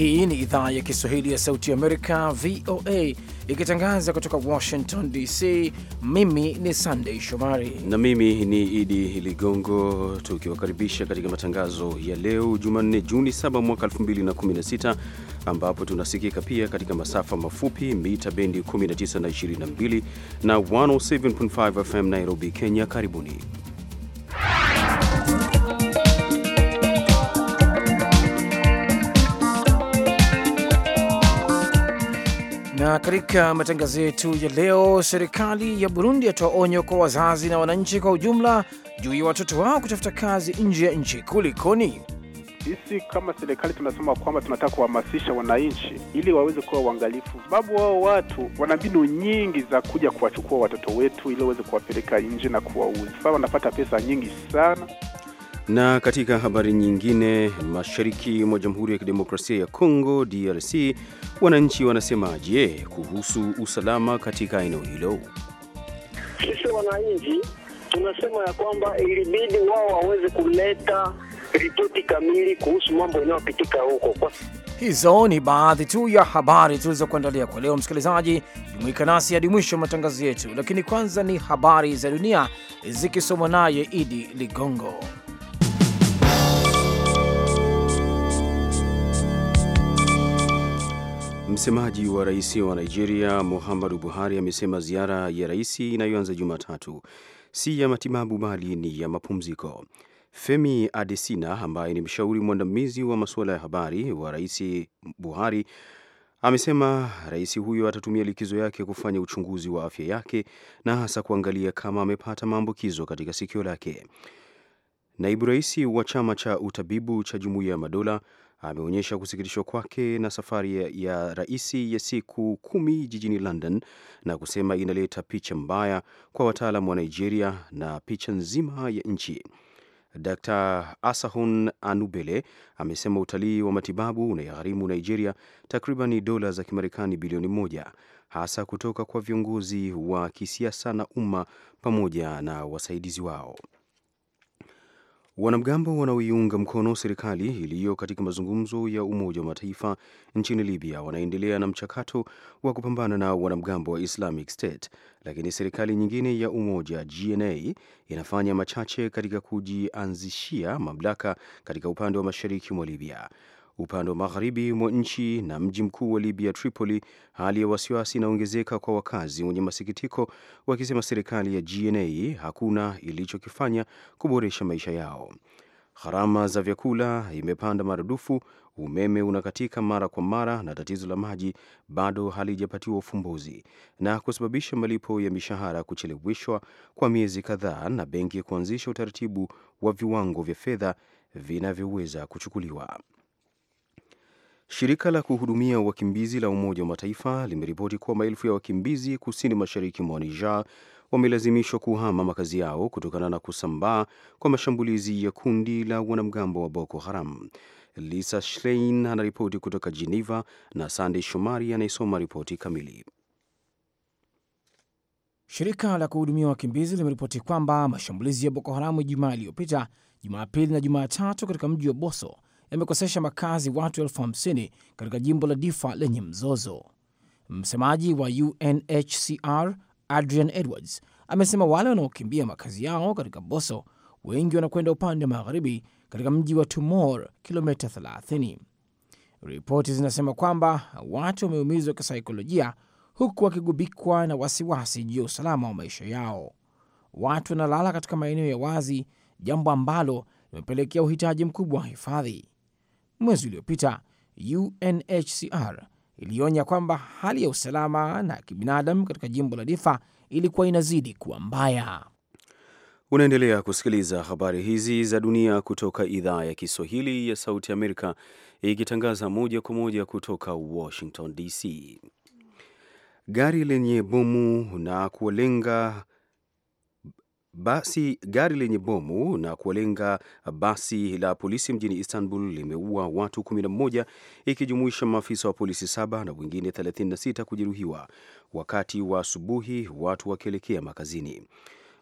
Hii ni idhaa ya Kiswahili ya Sauti ya Amerika, VOA, ikitangaza kutoka Washington DC. Mimi ni Sandei Shomari na mimi ni Idi Ligongo, tukiwakaribisha katika matangazo ya leo Jumanne, Juni 7 mwaka 2016, ambapo tunasikika pia katika masafa mafupi mita bendi 19 na 22 na 107.5 FM Nairobi, Kenya. Karibuni. Na katika matangazo yetu ya leo, serikali ya Burundi yatoa onyo kwa wazazi na wananchi kwa ujumla juu ya watoto wao kutafuta kazi nje ya nchi. Kulikoni? Sisi kama serikali tunasema kwamba tunataka kuhamasisha wananchi ili waweze kuwa uangalifu, sababu wao watu wana mbinu nyingi za kuja kuwachukua watoto wetu ili waweze kuwapeleka nje na kuwauza. Sasa wanapata pesa nyingi sana. Na katika habari nyingine, mashariki mwa Jamhuri ya Kidemokrasia ya Kongo DRC, wananchi wanasemaje kuhusu usalama katika eneo hilo? Sisi wananchi tunasema ya kwamba ilibidi wao waweze kuleta ripoti kamili kuhusu mambo yanayopitika huko kwa... Hizo ni baadhi tu ya habari tulizokuandalia kwa leo. Msikilizaji, jumuika nasi hadi mwisho wa matangazo yetu, lakini kwanza ni habari za dunia zikisomwa naye Idi Ligongo. Msemaji wa rais wa Nigeria Muhammadu Buhari amesema ziara ya rais inayoanza Jumatatu si ya matibabu bali ni ya mapumziko. Femi Adesina ambaye ni mshauri mwandamizi wa masuala ya habari wa rais Buhari amesema rais huyo atatumia likizo yake kufanya uchunguzi wa afya yake na hasa kuangalia kama amepata maambukizo katika sikio lake. Naibu rais wa chama cha utabibu cha Jumuiya ya Madola ameonyesha kusikitishwa kwake na safari ya, ya ya siku kumi jijini London na kusema inaleta picha mbaya kwa wataalam wa Nigeria na picha nzima ya nchi. Dr. Asahun Anubele amesema utalii wa matibabu unayegharimu Nigeria takriban dola za Kimarekani bilioni moja hasa kutoka kwa viongozi wa kisiasa na umma pamoja na wasaidizi wao. Wanamgambo wanaoiunga mkono serikali iliyo katika mazungumzo ya Umoja wa Mataifa nchini Libya wanaendelea na mchakato wa kupambana na wanamgambo wa Islamic State, lakini serikali nyingine ya umoja GNA inafanya machache katika kujianzishia mamlaka katika upande wa mashariki mwa Libya upande wa magharibi mwa nchi na mji mkuu wa Libya, Tripoli, hali ya wasiwasi inaongezeka kwa wakazi wenye masikitiko, wakisema serikali ya GNA hakuna ilichokifanya kuboresha maisha yao. Gharama za vyakula imepanda maradufu, umeme unakatika mara kwa mara, na tatizo la maji bado halijapatiwa ufumbuzi na kusababisha malipo ya mishahara kucheleweshwa kwa miezi kadhaa, na benki kuanzisha utaratibu wa viwango vya fedha vinavyoweza kuchukuliwa. Shirika la kuhudumia wakimbizi la Umoja wa Mataifa limeripoti kuwa maelfu ya wakimbizi kusini mashariki mwa Niger wamelazimishwa kuhama makazi yao kutokana na kusambaa kwa mashambulizi ya kundi la wanamgambo wa Boko Haram. Lisa Schlein anaripoti kutoka Geneva na Sandey Shomari anayesoma ripoti kamili. Shirika la kuhudumia wakimbizi limeripoti kwamba mashambulizi ya Boko Haramu Jumaa iliyopita, Jumapili na Jumatatu katika mji wa Boso yamekosesha makazi watu elfu hamsini katika jimbo la Difa lenye mzozo. Msemaji wa UNHCR Adrian Edwards amesema wale wanaokimbia makazi yao katika Boso wengi wanakwenda upande wa magharibi katika mji wa Tumor, kilomita 30. Ripoti zinasema kwamba watu wameumizwa kisaikolojia, huku wakigubikwa na wasiwasi juu ya usalama wa maisha yao. Watu wanalala katika maeneo ya wazi, jambo ambalo limepelekea uhitaji mkubwa wa hifadhi. Mwezi uliopita UNHCR ilionya kwamba hali ya usalama na kibinadamu katika jimbo la Difa ilikuwa inazidi kuwa mbaya. Unaendelea kusikiliza habari hizi za dunia kutoka idhaa ya Kiswahili ya Sauti Amerika, ikitangaza moja kwa moja kutoka Washington DC. Gari lenye bomu na kuwalenga basi gari lenye bomu na kuwalenga basi la polisi mjini Istanbul limeua watu 11 ikijumuisha maafisa wa polisi saba na wengine 36 kujeruhiwa wakati wa asubuhi, watu wakielekea makazini.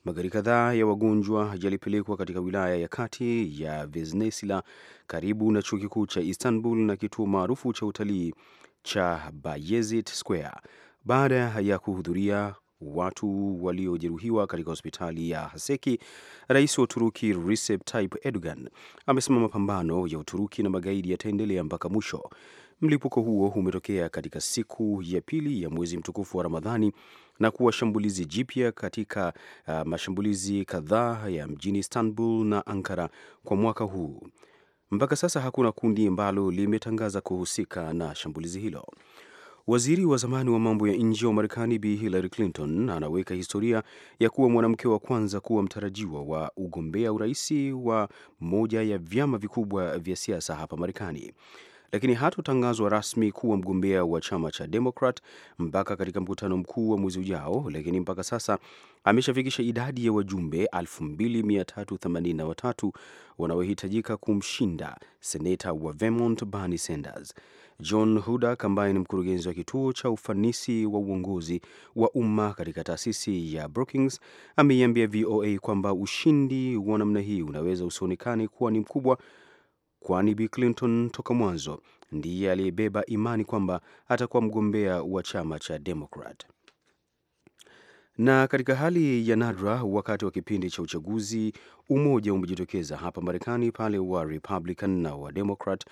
Magari kadhaa ya wagonjwa yalipelekwa katika wilaya ya kati ya Vesnesla karibu na chuo kikuu cha Istanbul na kituo maarufu cha utalii cha Bayezid Square baada ya kuhudhuria watu waliojeruhiwa katika hospitali ya Haseki. Rais wa Uturuki Recep Tayyip Erdogan amesema mapambano ya Uturuki na magaidi yataendelea mpaka mwisho. Mlipuko huo umetokea katika siku ya pili ya mwezi mtukufu wa Ramadhani na kuwa shambulizi jipya katika uh, mashambulizi kadhaa ya mjini Istanbul na Ankara kwa mwaka huu. Mpaka sasa hakuna kundi ambalo limetangaza kuhusika na shambulizi hilo. Waziri wa zamani wa mambo ya nje wa Marekani Bi Hillary Clinton anaweka historia ya kuwa mwanamke wa kwanza kuwa mtarajiwa wa ugombea uraisi wa moja ya vyama vikubwa vya siasa hapa Marekani lakini hatotangazwa rasmi kuwa mgombea wa chama cha Demokrat mpaka katika mkutano mkuu wa mwezi ujao, lakini mpaka sasa ameshafikisha idadi ya wajumbe 2383 wanaohitajika kumshinda seneta wa Vermont Bernie Sanders. John Hudak ambaye ni mkurugenzi wa kituo cha ufanisi wa uongozi wa umma katika taasisi ya Brookings ameiambia VOA kwamba ushindi wa namna hii unaweza usionekane kuwa ni mkubwa kwani Bi Clinton toka mwanzo ndiye aliyebeba imani kwamba atakuwa mgombea wa chama cha Demokrat. Na katika hali ya nadra, wakati wa kipindi cha uchaguzi, umoja umejitokeza hapa Marekani pale wa Republican na wa Democrat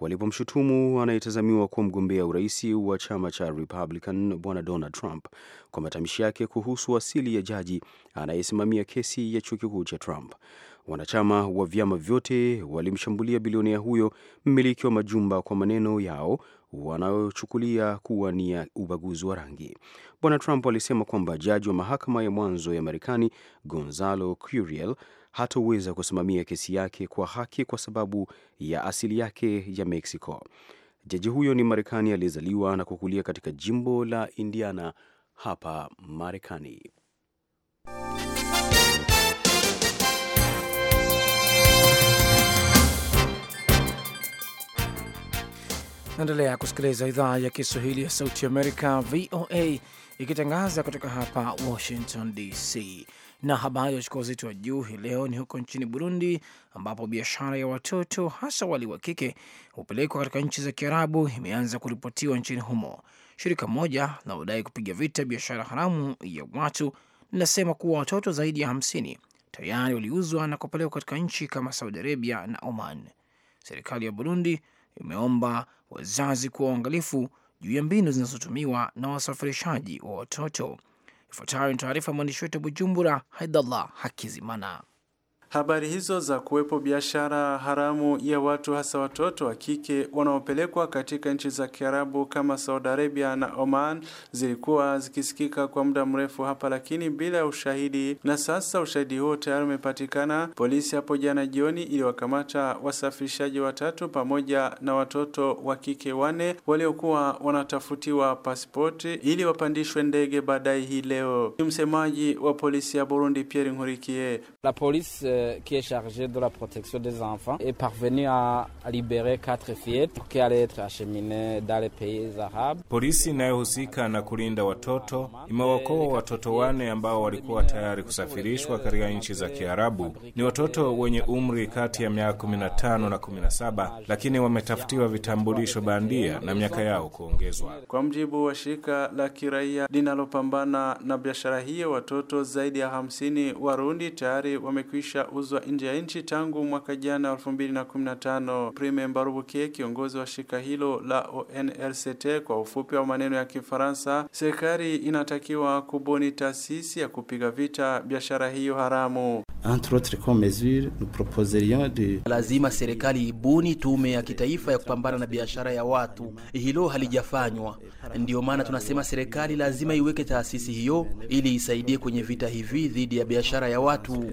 walipomshutumu anayetazamiwa kuwa mgombea urais wa chama cha Republican bwana Donald Trump kwa matamshi yake kuhusu asili ya jaji anayesimamia kesi ya chuo kikuu cha Trump. Wanachama wa vyama vyote walimshambulia bilionea huyo mmiliki wa majumba kwa maneno yao wanayochukulia kuwa ni ya ubaguzi wa rangi. Bwana Trump alisema kwamba jaji wa mahakama ya mwanzo ya Marekani Gonzalo Curiel hatoweza kusimamia kesi yake kwa haki kwa sababu ya asili yake ya Mexico. Jaji huyo ni Marekani aliyezaliwa na kukulia katika jimbo la Indiana hapa Marekani. Naendelea kusikiliza idhaa ya Kiswahili ya Sauti Amerika, VOA, ikitangaza kutoka hapa Washington DC. Na habari wachukua uzito wa juu hii leo ni huko nchini Burundi, ambapo biashara ya watoto hasa wali wa kike hupelekwa katika nchi za Kiarabu imeanza kuripotiwa nchini humo. Shirika moja linalodai kupiga vita biashara haramu ya watu linasema kuwa watoto zaidi ya hamsini tayari waliuzwa na kupelekwa katika nchi kama Saudi Arabia na Oman. Serikali ya Burundi imeomba wazazi kuwa waangalifu juu ya mbinu zinazotumiwa na wasafirishaji wa watoto. Ifuatayo ni taarifa ya mwandishi wetu Bujumbura, Haidallah Hakizimana. Habari hizo za kuwepo biashara haramu ya watu hasa watoto wa kike wanaopelekwa katika nchi za Kiarabu kama Saudi Arabia na Oman zilikuwa zikisikika kwa muda mrefu hapa, lakini bila ya ushahidi, na sasa ushahidi huo tayari umepatikana. Polisi hapo jana jioni iliwakamata wasafirishaji watatu pamoja na watoto wa kike wane waliokuwa wanatafutiwa pasipoti ili wapandishwe ndege baadaye hii leo. Ni msemaji wa polisi ya Burundi Pierre Nkurikiye. La polisi euh, qui est chargée de la protection des enfants, est parvenue à libérer quatre fillettes qui allaient être acheminées dans les pays arabes. Polisi inayohusika na kulinda watoto imewaokoa watoto wane ambao walikuwa tayari kusafirishwa katika nchi za Kiarabu. Ni watoto wenye umri kati ya miaka 15 na 17, lakini wametafutiwa vitambulisho bandia na miaka yao kuongezwa. Kwa mjibu wa shirika la kiraia linalopambana na biashara hiyo, watoto zaidi ya 50 Warundi tayari wamekwisha yanauzwa nje ya nchi tangu mwaka jana 2015. Prime Mbarubuke, kiongozi wa shirika hilo la ONLCT kwa ufupi wa maneno ya Kifaransa, serikali inatakiwa kubuni taasisi ya kupiga vita biashara hiyo haramu. Entre autres comme mesure nous proposerions de lazima serikali ibuni tume ya kitaifa ya kupambana na biashara ya watu. Hilo halijafanywa, ndiyo maana tunasema serikali lazima iweke taasisi hiyo ili isaidie kwenye vita hivi dhidi ya biashara ya watu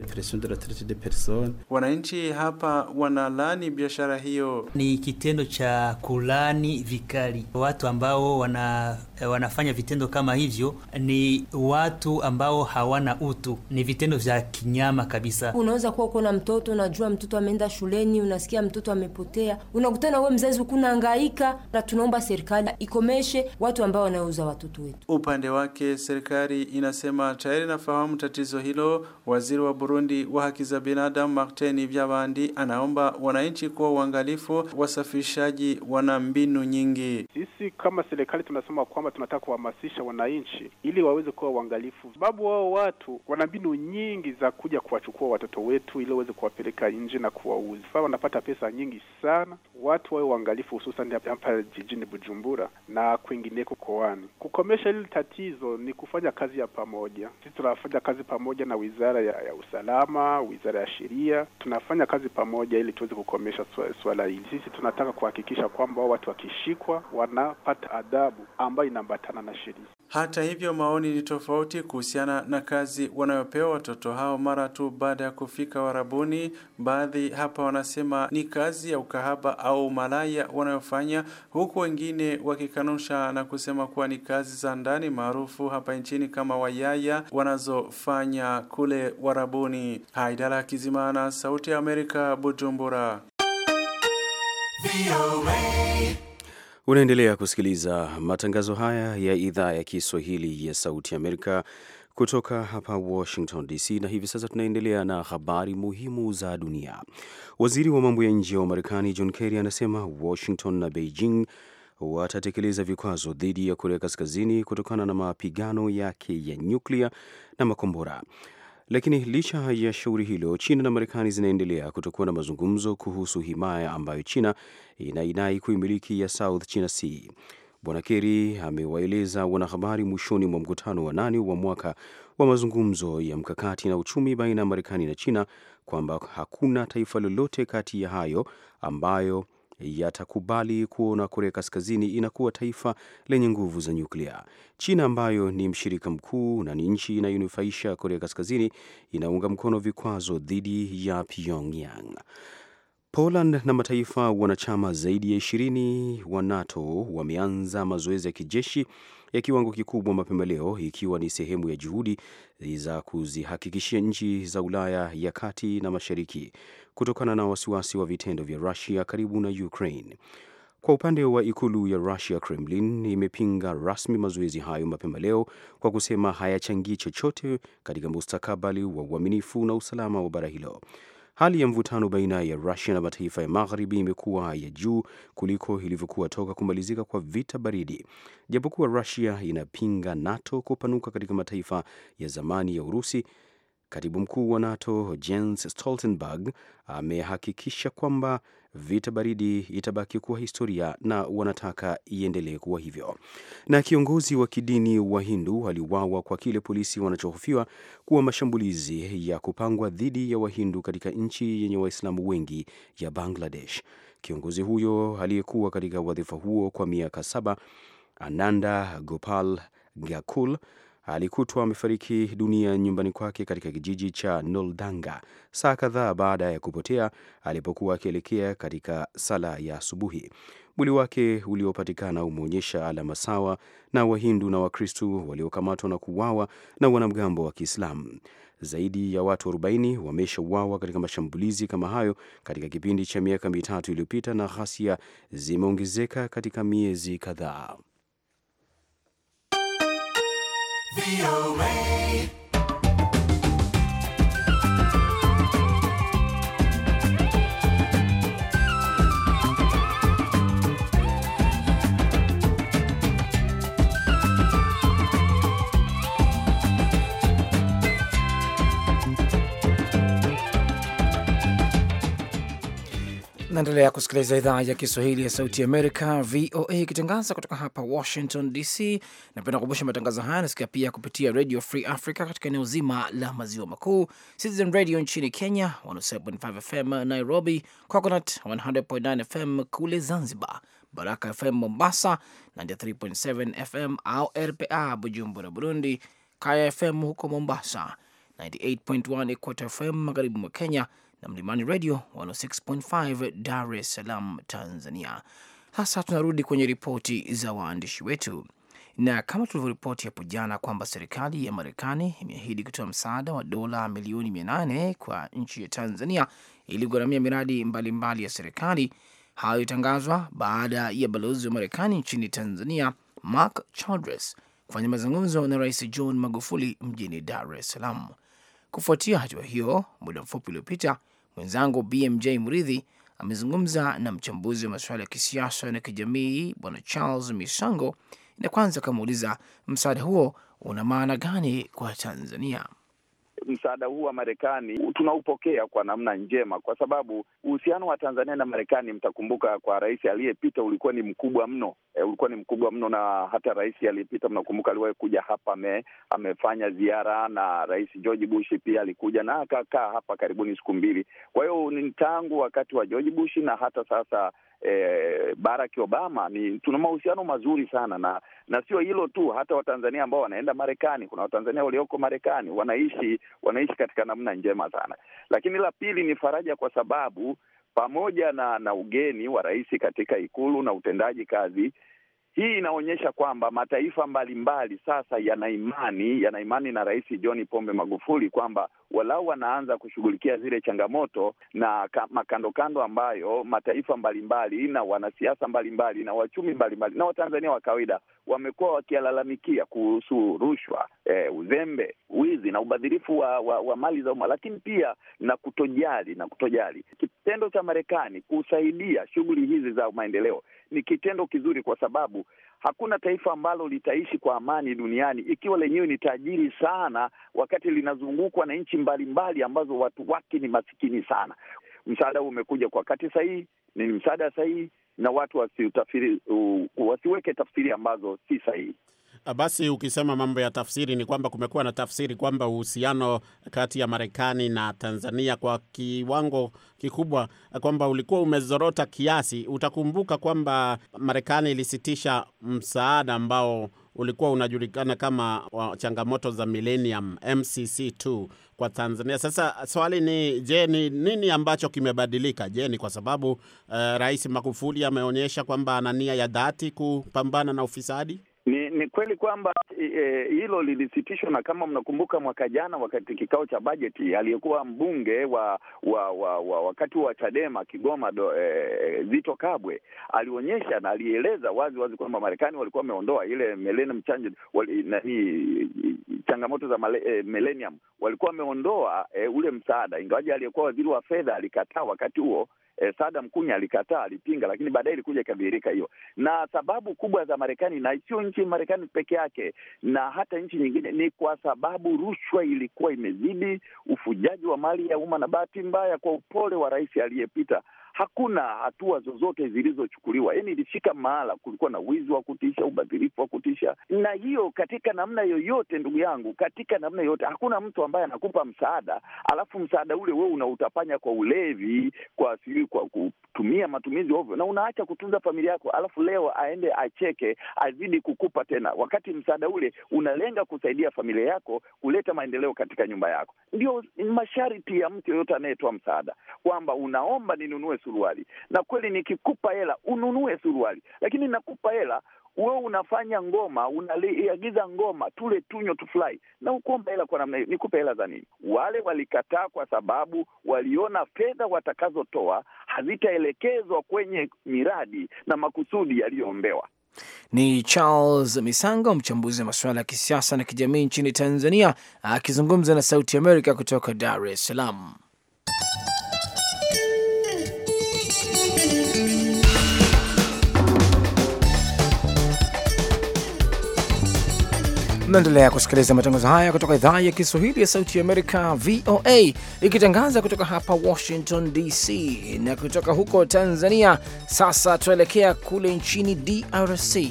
de personnes. Wananchi hapa wanalani biashara hiyo, ni kitendo cha kulani vikali watu ambao wana Eh, wanafanya vitendo kama hivyo ni watu ambao hawana utu, ni vitendo vya kinyama kabisa. Unaweza kuwa uko na mtoto, unajua mtoto ameenda shuleni, unasikia mtoto amepotea, unakutana wewe mzazi ukunaangaika, na tunaomba serikali ikomeshe watu ambao wanauza watoto wetu. Upande wake serikali inasema tayari inafahamu tatizo hilo. Waziri wa Burundi wa haki za binadamu Martin Vyabandi anaomba wananchi kuwa uangalifu, wasafirishaji wana mbinu nyingi. Sisi kama serikali tunasema kwamba kwamba tunataka kuhamasisha wananchi ili waweze kuwa uangalifu, sababu wao watu wana mbinu nyingi za kuja kuwachukua watoto wetu ili waweze kuwapeleka nje na kuwauza, wanapata pesa nyingi sana. Watu wawe uangalifu, hususan hapa jijini Bujumbura na kwingineko mkoani. Kukomesha hili tatizo ni kufanya kazi ya pamoja. Sisi tunafanya kazi pamoja na wizara ya, ya usalama, wizara ya sheria, tunafanya kazi pamoja ili tuweze kukomesha swala hili. Sisi tunataka kuhakikisha kwamba watu wakishikwa wanapata adhabu ambayo inaambatana na sheria. Hata hivyo, maoni ni tofauti kuhusiana na kazi wanayopewa watoto hao mara tu baada ya kufika Warabuni. Baadhi hapa wanasema ni kazi ya ukahaba au malaya wanayofanya, huku wengine wakikanusha na kusema kuwa ni kazi za ndani maarufu hapa nchini kama wayaya wanazofanya kule Warabuni. Haidara Kizimana, Sauti ya Amerika, Bujumbura. Unaendelea kusikiliza matangazo haya ya idhaa ya Kiswahili ya Sauti Amerika kutoka hapa Washington DC, na hivi sasa tunaendelea na habari muhimu za dunia. Waziri wa mambo ya nje wa Marekani John Kerry anasema Washington na Beijing watatekeleza vikwazo dhidi ya Korea Kaskazini kutokana na mapigano yake ya nyuklia na makombora. Lakini licha ya shauri hilo, China na Marekani zinaendelea kutokuwa na mazungumzo kuhusu himaya ambayo China inaidai kuimiliki ya South China Sea. Bwana Kerry amewaeleza wanahabari mwishoni mwa mkutano wa nane wa mwaka wa mazungumzo ya mkakati na uchumi baina ya Marekani na China kwamba hakuna taifa lolote kati ya hayo ambayo yatakubali kuona Korea Kaskazini inakuwa taifa lenye nguvu za nyuklia. China ambayo ni mshirika mkuu na ni nchi inayonufaisha Korea Kaskazini inaunga mkono vikwazo dhidi ya Pyongyang. Poland na mataifa wanachama zaidi ya ishirini wa NATO wameanza mazoezi ya kijeshi ya kiwango kikubwa mapema leo ikiwa ni sehemu ya juhudi za kuzihakikishia nchi za Ulaya ya kati na mashariki kutokana na wasiwasi wa vitendo vya Rusia karibu na Ukraine. Kwa upande wa ikulu ya Russia, Kremlin imepinga rasmi mazoezi hayo mapema leo kwa kusema hayachangii chochote katika mustakabali wa uaminifu na usalama wa bara hilo. Hali ya mvutano baina ya Rusia na mataifa ya magharibi imekuwa ya juu kuliko ilivyokuwa toka kumalizika kwa vita baridi. Japokuwa Rusia inapinga NATO kupanuka katika mataifa ya zamani ya Urusi Katibu mkuu wa NATO Jens Stoltenberg amehakikisha kwamba vita baridi itabaki kuwa historia na wanataka iendelee kuwa hivyo. Na kiongozi wa kidini wa Hindu aliuawa kwa kile polisi wanachohofiwa kuwa mashambulizi ya kupangwa dhidi ya Wahindu katika nchi yenye Waislamu wengi ya Bangladesh. Kiongozi huyo aliyekuwa katika wadhifa huo kwa miaka saba Ananda Gopal Gakul alikutwa amefariki dunia nyumbani kwake katika kijiji cha Noldanga saa kadhaa baada ya kupotea alipokuwa akielekea katika sala ya asubuhi. Mwili wake uliopatikana umeonyesha alama sawa na Wahindu na Wakristu waliokamatwa na kuuawa na wanamgambo wa Kiislamu. Zaidi ya watu 40 wameshauawa katika mashambulizi kama hayo katika kipindi cha miaka mitatu iliyopita, na ghasia zimeongezeka katika miezi kadhaa. VOA. Naendelea kusikiliza idhaa ya Kiswahili ya Sauti Amerika, VOA, ikitangaza kutoka hapa Washington DC. Napenda kukumbusha matangazo haya nasikia pia kupitia Radio Free Africa katika eneo zima la maziwa makuu, Citizen Radio nchini Kenya 107.5 FM Nairobi, Coconut 100.9 FM kule Zanzibar, Baraka FM Mombasa 93.7 FM au RPA Bujumbura, Burundi, Kaya FM huko Mombasa 98.1 Equator FM magharibi mwa Kenya na Mlimani Radio 106.5 Dar es Salaam, Tanzania. Sasa tunarudi kwenye ripoti za waandishi wetu, na kama tulivyoripoti hapo jana kwamba serikali ya Marekani imeahidi kutoa msaada wa dola milioni 8 kwa nchi ya Tanzania ili kugharamia miradi mbalimbali mbali ya serikali. Hayo ilitangazwa baada ya balozi wa Marekani nchini Tanzania Mark Childress kufanya mazungumzo na Rais John Magufuli mjini Dar es Salaam. Kufuatia hatua hiyo, muda mfupi uliopita, mwenzangu BMJ Mridhi amezungumza na mchambuzi wa masuala ya kisiasa na kijamii Bwana Charles Misango na kwanza akamuuliza msaada huo una maana gani kwa Tanzania? msaada huu wa Marekani tunaupokea kwa namna njema, kwa sababu uhusiano wa Tanzania na Marekani, mtakumbuka kwa rais aliyepita ulikuwa ni mkubwa mno e, ulikuwa ni mkubwa mno, na hata rais aliyepita mnakumbuka, aliwahi kuja hapa me, amefanya ziara, na rais George Bush pia alikuja na akakaa hapa karibuni siku mbili. Kwa hiyo ni tangu wakati wa George Bush na hata sasa eh, Barack Obama ni tuna mahusiano mazuri sana na na sio hilo tu, hata Watanzania ambao wanaenda Marekani, kuna Watanzania walioko Marekani wanaishi wanaishi katika namna njema sana. Lakini la pili ni faraja, kwa sababu pamoja na na ugeni wa rais katika Ikulu na utendaji kazi hii inaonyesha kwamba mataifa mbalimbali mbali sasa yana imani yana imani na Rais John Pombe Magufuli kwamba walau wanaanza kushughulikia zile changamoto na makandokando ambayo mataifa mbalimbali mbali, na wanasiasa mbalimbali na wachumi mbalimbali na Watanzania wa kawaida wamekuwa wakialalamikia kuhusu rushwa, eh, uzembe, wizi na ubadhirifu wa, wa, wa mali za umma, lakini pia na kutojali na kutojali. Kitendo cha Marekani kusaidia shughuli hizi za maendeleo ni kitendo kizuri, kwa sababu hakuna taifa ambalo litaishi kwa amani duniani ikiwa lenyewe ni tajiri sana, wakati linazungukwa na nchi mbalimbali ambazo watu wake ni masikini sana. Msaada huu umekuja kwa wakati sahihi, ni msaada sahihi, na watu uh, wasiweke tafsiri ambazo si sahihi. Eh, basi ukisema mambo ya tafsiri, ni kwamba kumekuwa na tafsiri kwamba uhusiano kati ya Marekani na Tanzania kwa kiwango kikubwa eh, kwamba ulikuwa umezorota kiasi. Utakumbuka kwamba Marekani ilisitisha msaada ambao ulikuwa unajulikana kama changamoto za Millennium MCC2 kwa Tanzania. Sasa swali ni je, ni nini ambacho kimebadilika? Je, ni kwa sababu uh, Rais Magufuli ameonyesha kwamba ana nia ya dhati kupambana na ufisadi? Ni, ni kweli kwamba e, hilo e, lilisitishwa na kama mnakumbuka mwaka jana wakati kikao cha bajeti aliyekuwa mbunge wa, wa, wa, wa wakati wa Chadema Kigoma do, e, Zito Kabwe alionyesha na alieleza wazi wazi kwamba Marekani walikuwa wameondoa ile millennium challenge wali, changamoto za male, e, millennium walikuwa wameondoa e, ule msaada, ingawaji aliyekuwa waziri wa fedha alikataa wakati huo eh, Saddam Kunya alikataa, alipinga, lakini baadaye ilikuja ikadhihirika hiyo. Na sababu kubwa za Marekani, na sio nchi Marekani peke yake, na hata nchi nyingine, ni kwa sababu rushwa ilikuwa imezidi, ufujaji wa mali ya umma, na bahati mbaya kwa upole wa rais aliyepita hakuna hatua zozote zilizochukuliwa. Yani ilifika mahala kulikuwa na wizi wa kutisha, ubadhirifu wa kutisha, na hiyo katika namna yoyote, ndugu yangu, katika namna yoyote, hakuna mtu ambaye anakupa msaada alafu msaada ule wewe unautapanya kwa ulevi, kwa sijui, kwa kutumia matumizi ovyo, na unaacha kutunza familia yako, alafu leo aende acheke, azidi kukupa tena, wakati msaada ule unalenga kusaidia familia yako, kuleta maendeleo katika nyumba yako. Ndio masharti ya mtu yoyote anayetoa msaada, kwamba unaomba ninunue suruali, na kweli nikikupa hela ununue suruali, lakini nakupa hela we unafanya ngoma, unaiagiza ngoma, tule tunywe, tufurahi, na ukuomba hela kwa namna hiyo, nikupe hela za nini? Wale walikataa kwa sababu waliona fedha watakazotoa hazitaelekezwa kwenye miradi na makusudi yaliyoombewa. Ni Charles Misango, mchambuzi wa masuala ya kisiasa na kijamii nchini Tanzania, akizungumza na Sauti Amerika kutoka Dar es Salaam. Mnaendelea kusikiliza matangazo haya kutoka idhaa ya Kiswahili ya Sauti ya Amerika, VOA, ikitangaza kutoka hapa Washington DC. Na kutoka huko Tanzania, sasa tunaelekea kule nchini DRC,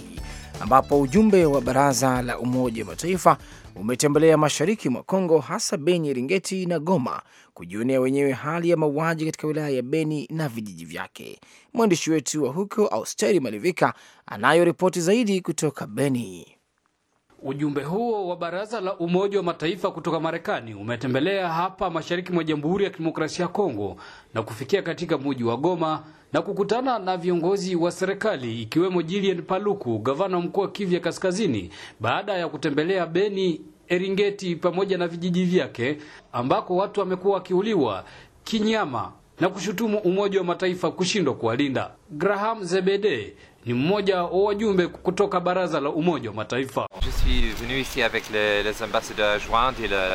ambapo ujumbe wa Baraza la Umoja wa Mataifa umetembelea mashariki mwa Kongo, hasa Beni, Eringeti na Goma, kujionea wenyewe hali ya mauaji katika wilaya ya Beni na vijiji vyake. Mwandishi wetu wa huko Austeri Malivika anayo ripoti zaidi kutoka Beni. Ujumbe huo wa Baraza la Umoja wa Mataifa kutoka Marekani umetembelea hapa mashariki mwa Jamhuri ya Kidemokrasia ya Kongo na kufikia katika mji wa Goma na kukutana na viongozi wa serikali ikiwemo Julien Paluku, gavana mkuu wa Kivu ya Kaskazini, baada ya kutembelea Beni, Eringeti pamoja na vijiji vyake ambako watu wamekuwa wakiuliwa kinyama na kushutumu Umoja wa Mataifa kushindwa kuwalinda. Graham Zebede ni mmoja wa wajumbe kutoka baraza la Umoja wa Mataifa.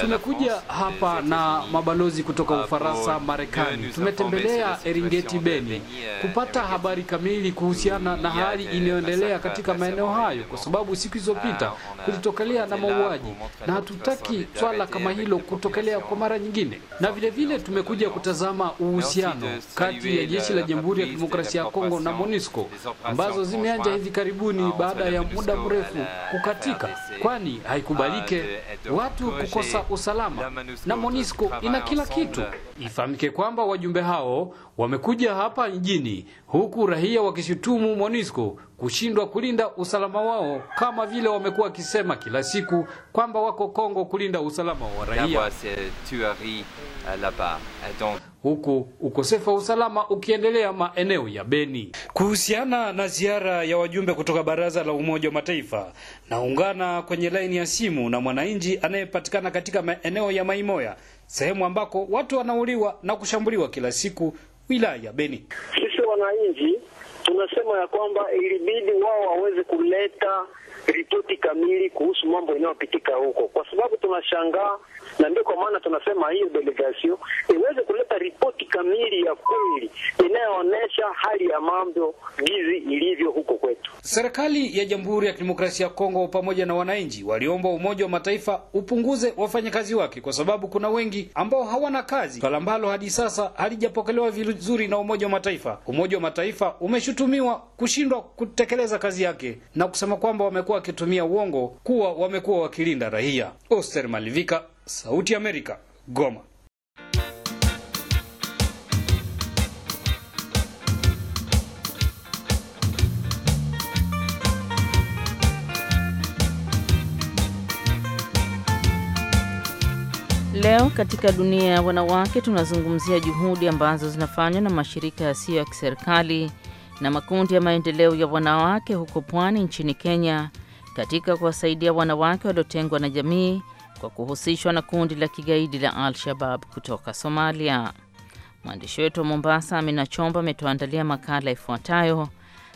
Tumekuja hapa na mabalozi kutoka Ufaransa, Marekani. Tumetembelea Eringeti, Beni euh, kupata habari kamili kuhusiana na hali inayoendelea katika maeneo hayo, kwa sababu siku zilizopita ah, kulitokelea na mauaji, na hatutaki swala kama hilo kutokelea kwa mara nyingine. Na vilevile vile tumekuja kutazama uhusiano kati ya jeshi la Jamhuri ya Kidemokrasia ya Kongo Kongo na MONUSCO ambazo zimeanza hivi karibuni baada ya muda mrefu kukatika, kwani haikubalike watu kukosa usalama, na MONUSCO ina kila kitu. Ifahamike kwamba wajumbe hao wamekuja hapa mjini huku raia wakishutumu MONUSCO kushindwa kulinda usalama wao, kama vile wamekuwa wakisema kila siku kwamba wako Kongo kulinda usalama wa raia huku ukosefu wa usalama ukiendelea maeneo ya Beni. Kuhusiana na ziara ya wajumbe kutoka Baraza la Umoja wa Mataifa, naungana kwenye laini ya simu na mwananchi anayepatikana katika maeneo ya Maimoya, sehemu ambako watu wanauliwa na kushambuliwa kila siku, wilaya ya Beni. Sisi wananchi tunasema ya kwamba ilibidi wao waweze kuleta ripoti kamili kuhusu mambo inayopitika huko, kwa sababu tunashangaa, na ndio kwa maana tunasema hiyo delegasio iweze kuleta ripoti kamili ya kweli inayoonyesha hali ya mambo gizi ilivyo huko kwetu. Serikali ya Jamhuri ya Kidemokrasia ya Kongo pamoja na wananchi waliomba Umoja wa Mataifa upunguze wafanyakazi wake, kwa sababu kuna wengi ambao hawana kazi, swala ambalo hadi sasa halijapokelewa vizuri na Umoja wa Mataifa. Umoja wa Mataifa umeshutumiwa kushindwa kutekeleza kazi yake na kusema kwamba wamekuwa wamekuwa wakitumia uongo kuwa wamekuwa wakilinda raia. Oster Malivika, Sauti ya Amerika, Goma. Leo katika dunia ya wanawake tunazungumzia juhudi ambazo zinafanywa na mashirika yasiyo ya kiserikali na makundi ya maendeleo ya wanawake huko pwani nchini Kenya katika kuwasaidia wanawake waliotengwa na jamii kwa kuhusishwa na kundi la kigaidi la Al-Shabab kutoka Somalia. Mwandishi wetu wa Mombasa, Amina Chomba, ametuandalia makala ifuatayo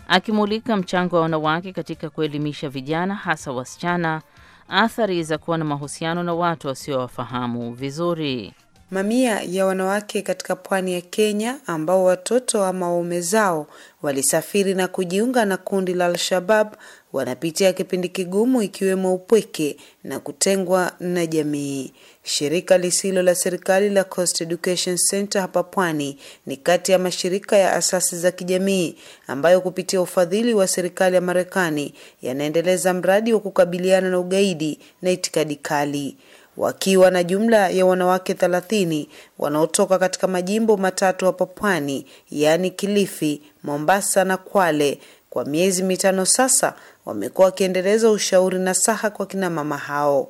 akimulika mchango wa wanawake katika kuelimisha vijana, hasa wasichana, athari za kuwa na mahusiano na watu wasiowafahamu vizuri. Mamia ya wanawake katika pwani ya Kenya ambao watoto ama waume zao walisafiri na kujiunga na kundi la Al-Shabab wanapitia kipindi kigumu ikiwemo upweke na kutengwa na jamii. Shirika lisilo la serikali la Coast Education Center hapa Pwani ni kati ya mashirika ya asasi za kijamii ambayo kupitia ufadhili wa serikali ya Marekani yanaendeleza mradi wa kukabiliana na ugaidi na itikadi kali wakiwa na jumla ya wanawake 30 wanaotoka katika majimbo matatu hapa pwani, yaani Kilifi, Mombasa na Kwale. Kwa miezi mitano sasa wamekuwa wakiendeleza ushauri na saha kwa kinamama hao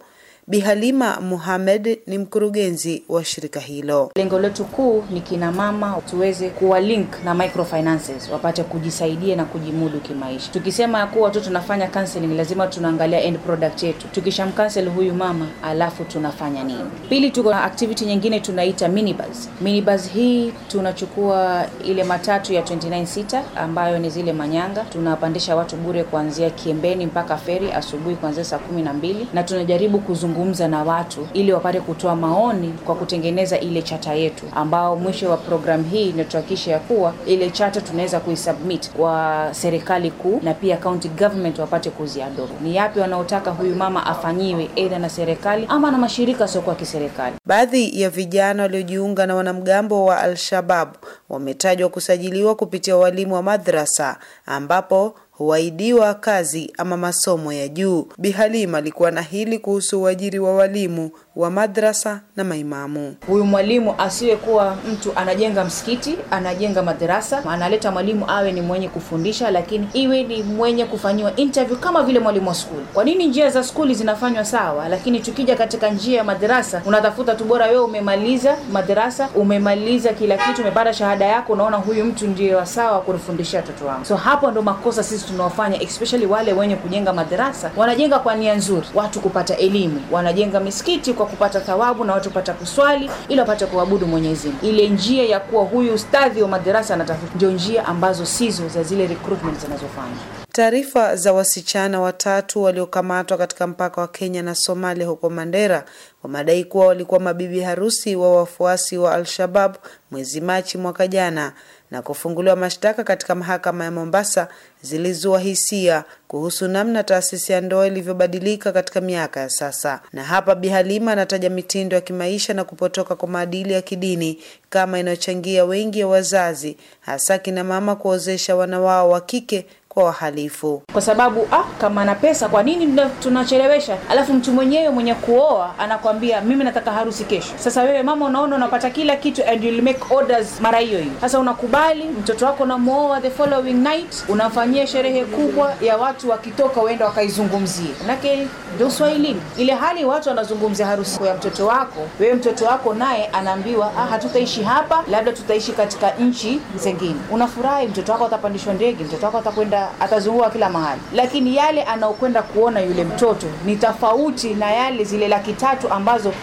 bihalima muhamed Mohamed ni mkurugenzi wa shirika hilo. Lengo letu kuu ni kina mama tuweze kuwa link na microfinances wapate kujisaidia na kujimudu kimaisha. Tukisema kuwa tu tunafanya counseling, lazima tunaangalia end product yetu. Tukishamkansel huyu mama, alafu tunafanya nini? Pili, tuko na activity nyingine tunaita minibus. Minibus hii tunachukua ile matatu ya 29 sita ambayo ni zile manyanga, tunapandisha watu bure kuanzia Kiembeni mpaka Feri asubuhi kuanzia saa kumi na mbili na tunajaribu kuzungu kuzungumza na watu ili wapate kutoa maoni kwa kutengeneza ile chata yetu, ambao mwisho wa programu hii inatuhakisha ya kuwa ile chata tunaweza kuisubmit kwa serikali kuu na pia county government wapate kuziadopt. Ni yapi wanaotaka huyu mama afanyiwe, aidha na serikali ama na mashirika asiokuwa kiserikali. Baadhi ya vijana waliojiunga na wanamgambo wa Al-Shabaab wametajwa kusajiliwa kupitia walimu wa madrasa ambapo huahidiwa kazi ama masomo ya juu. Bihalima alikuwa na hili kuhusu uajiri wa walimu wa madrasa na maimamu. Huyu mwalimu asiwe kuwa mtu anajenga msikiti, anajenga madrasa, analeta mwalimu awe ni mwenye kufundisha, lakini iwe ni mwenye kufanyiwa interview kama vile mwalimu wa skuli. Kwa nini njia za skuli zinafanywa sawa, lakini tukija katika njia ya madrasa unatafuta tu, bora wewe umemaliza madrasa, umemaliza kila kitu, umepata shahada yako, unaona huyu mtu ndiye wa sawa kunifundishia watoto wangu. So hapo ndo makosa sisi tunaofanya, especially wale wenye kujenga madrasa, wanajenga kwa nia nzuri watu kupata elimu, wanajenga misikiti kwa kupata thawabu na watu pata kuswali ili wapate kuabudu Mwenyezi Mungu. Ile njia ya kuwa huyu ustadhi wa madarasa anatafuta ndio njia ambazo sizo za zile recruitment zinazofanywa Taarifa za wasichana watatu waliokamatwa katika mpaka wa Kenya na Somalia huko Mandera kwa madai kuwa walikuwa mabibi harusi wa wafuasi wa Al-Shabab mwezi Machi mwaka jana na kufunguliwa mashtaka katika mahakama ya Mombasa zilizua hisia kuhusu namna taasisi ya ndoa ilivyobadilika katika miaka ya sasa. Na hapa Bi Halima anataja mitindo ya kimaisha na kupotoka kwa maadili ya kidini kama inayochangia wengi ya wazazi, hasa kina mama, kuozesha wana wao wa kike kwa wahalifu, kwa sababu ah, kama ana pesa kwa nini tunachelewesha? Alafu mtu mwenyewe mwenye kuoa anakwambia mimi nataka harusi kesho. Sasa wewe mama, unaona unapata kila kitu and you'll make orders mara hiyo hiyo. Sasa unakubali mtoto wako unamuoa, the following night unamfanyia sherehe kubwa ya watu wakitoka waenda wakaizungumzie, manake ndio Swahilini ile hali watu wanazungumzia harusi ya mtoto wako. Wewe mtoto wako naye anaambiwa ah, hatutaishi hapa, labda tutaishi katika nchi zingine. Unafurahi, mtoto wako atapandishwa ndege, mtoto wako atakwenda atazunguka kila mahali, lakini yale anaokwenda kuona yule mtoto ni tofauti na yale zile laki tatu ambazo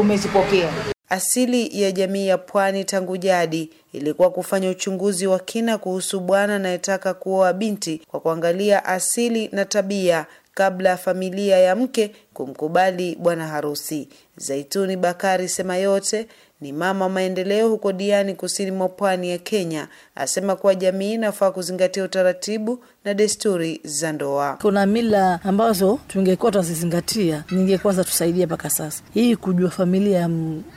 umezipokea. Asili ya jamii ya pwani tangu jadi ilikuwa kufanya uchunguzi wa kina kuhusu bwana anayetaka kuoa binti kwa kuangalia asili na tabia kabla ya familia ya mke kumkubali bwana harusi. Zaituni Bakari Semayote ni mama wa maendeleo huko Diani, kusini mwa pwani ya Kenya, asema kuwa jamii inafaa kuzingatia utaratibu na desturi za ndoa. Kuna mila ambazo tungekuwa tunazizingatia, kwanza tusaidia mpaka sasa, hii kujua familia ya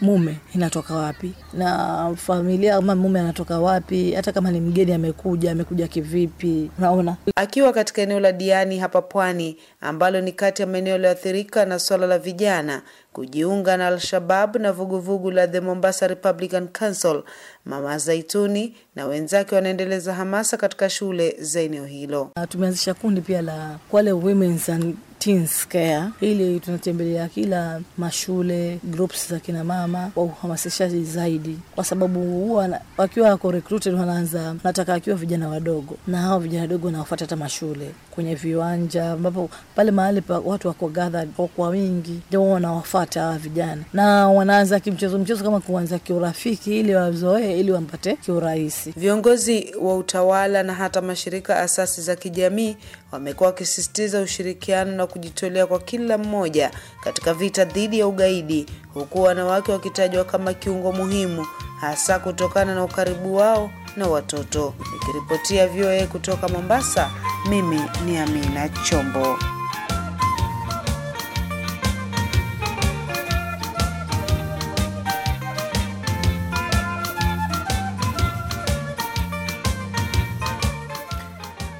mume inatoka wapi na familia ama mume anatoka wapi, hata kama ni mgeni amekuja, amekuja kivipi? naona akiwa katika eneo la Diani hapa pwani, ambalo ni kati ya maeneo yaliyoathirika na swala la vijana kujiunga na Al-Shabab na vuguvugu la The Mombasa Republican Council. Mama Zaituni na wenzake wanaendeleza hamasa katika shule za eneo hilo. Tumeanzisha kundi pia la Kwale Women's and Teens ili Hili tunatembelea kila mashule, groups za kina mama kwa uhamasishaji zaidi, kwa sababu huwa wakiwa wako recruited wanaanza, nataka wakiwa vijana wadogo, na hao vijana wadogo wanawafuata hata mashule kwenye viwanja, ambapo pale mahali pa watu wako gathered kwa wingi, ndio wanawafuata hawa vijana na wanaanza kimchezo mchezo, kama kuanza kiurafiki, ili wazoee, ili wampate kiurahisi. Viongozi wa utawala na hata mashirika asasi za kijamii wamekuwa wakisisitiza ushirikiano na kujitolea kwa kila mmoja katika vita dhidi ya ugaidi, huku wanawake wakitajwa kama kiungo muhimu, hasa kutokana na ukaribu wao na watoto. Nikiripotia VOA kutoka Mombasa, mimi ni Amina Chombo.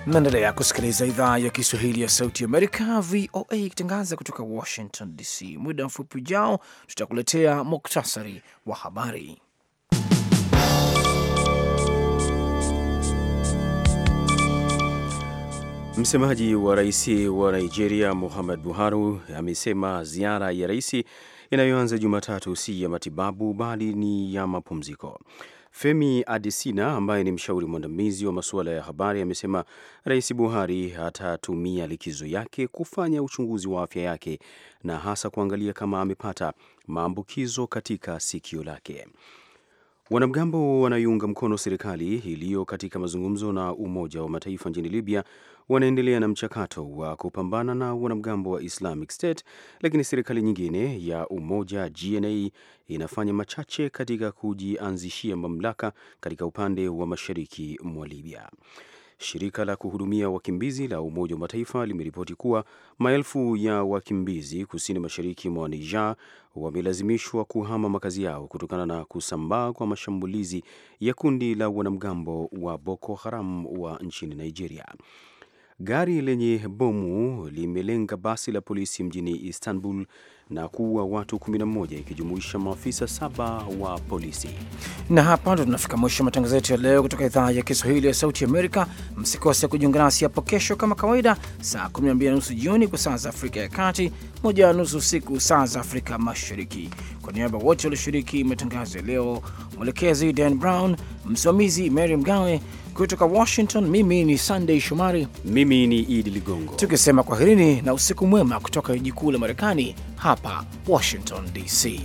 Naendelea kusikiliza idhaa ya Kiswahili ya Sauti Amerika, VOA, ikitangaza kutoka Washington DC. Muda mfupi ujao, tutakuletea muktasari wa habari. Msemaji wa rais wa Nigeria Muhammad Buhari amesema ziara ya rais inayoanza Jumatatu si ya matibabu, bali ni ya mapumziko. Femi Adesina ambaye ni mshauri mwandamizi wa masuala ya habari amesema Rais Buhari atatumia likizo yake kufanya uchunguzi wa afya yake na hasa kuangalia kama amepata maambukizo katika sikio lake. Wanamgambo wanaiunga mkono serikali iliyo katika mazungumzo na Umoja wa Mataifa nchini Libya wanaendelea na mchakato wa kupambana na wanamgambo wa Islamic State, lakini serikali nyingine ya umoja GNA inafanya machache katika kujianzishia mamlaka katika upande wa mashariki mwa Libya. Shirika la kuhudumia wakimbizi la Umoja wa Mataifa limeripoti kuwa maelfu ya wakimbizi kusini mashariki mwa Niger wamelazimishwa kuhama makazi yao kutokana na kusambaa kwa mashambulizi ya kundi la wanamgambo wa Boko Haram wa nchini Nigeria. Gari lenye bomu limelenga basi la polisi mjini Istanbul na kuua watu 11 ikijumuisha maafisa saba wa polisi. Na hapa ndo tunafika mwisho matangazo yetu ya leo kutoka idhaa ya Kiswahili ya Sauti Amerika. Msikose kujiunga nasi hapo kesho kama kawaida, saa 12:30 jioni kwa saa za Afrika ya Kati, 1:30 usiku saa za Afrika Mashariki. Kwa niaba wote walioshiriki matangazo ya leo, mwelekezi Dan Brown, msimamizi Mary Mgawe kutoka Washington, mimi ni Sunday Shomari, mimi ni Idi Ligongo, tukisema kwaherini na usiku mwema kutoka jiji kuu la Marekani, hapa Washington DC.